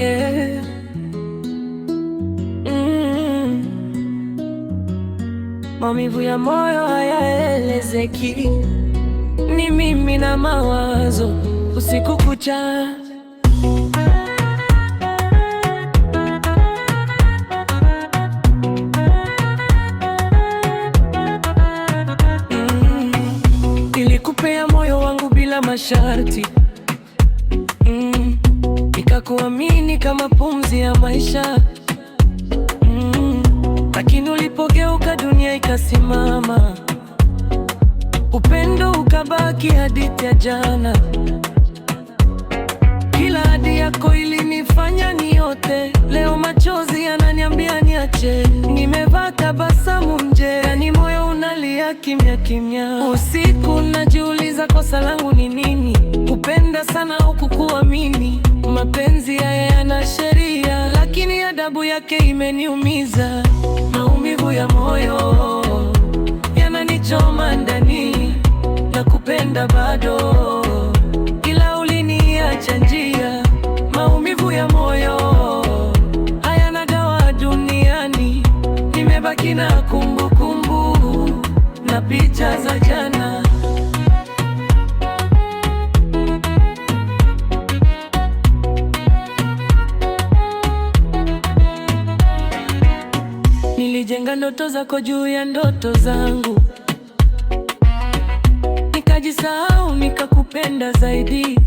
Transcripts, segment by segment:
yeah. Mm. Maumivu ya moyo hayaelezeki, ni mimi na mawazo usiku kucha mm. Nilikupea moyo wangu bila masharti kuamini kama pumzi ya maisha mm. Lakini ulipogeuka dunia ikasimama, upendo ukabaki hadithi ya jana. Kila hadi yako ilinifanya niote, leo machozi yananiambia niache. Nimevaa tabasamu nje, ni yaani moyo unalia kimya kimya. Usiku najiuliza kosa langu ni nini, kupenda sana au kukuamini adhabu yake imeniumiza, maumivu ya moyo yananichoma ndani, na kupenda bado, ila uliniacha njia. Maumivu ya moyo hayana dawa duniani, nimebaki na kumbukumbu na picha za jana. Nilijenga ndoto zako juu ya ndoto zangu, nikajisahau nikakupenda zaidi.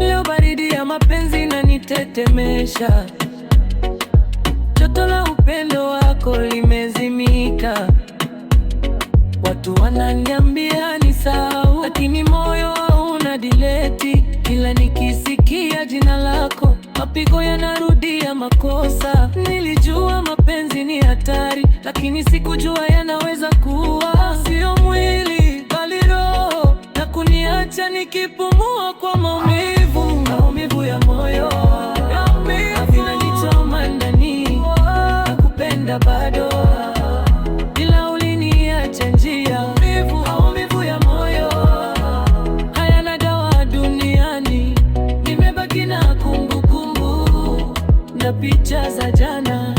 Leo baridi ya mapenzi inanitetemesha, joto la upendo wako limezimika. Watu wananiambia ni sawa, lakini moyo hauna dileti, kila nikisikia jina lako mapigo yanarudia makosa. Nilijua mapenzi ni hatari, lakini sikujua yanaweza kuwa sio mwili bali roho, na kuniacha nikipumua kwa maumivu, maumivu ya moyo vinanichoma ndani, nakupenda bado picha za jana.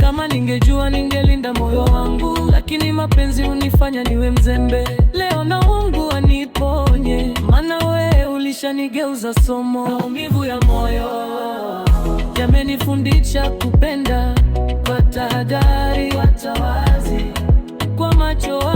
Kama ningejua ningelinda moyo wangu, lakini mapenzi unifanya niwe mzembe. Leo na Mungu aniponye, maana we ulishanigeuza somo. Maumivu ya moyo yamenifundisha kupenda kwa tahadhari, kwa macho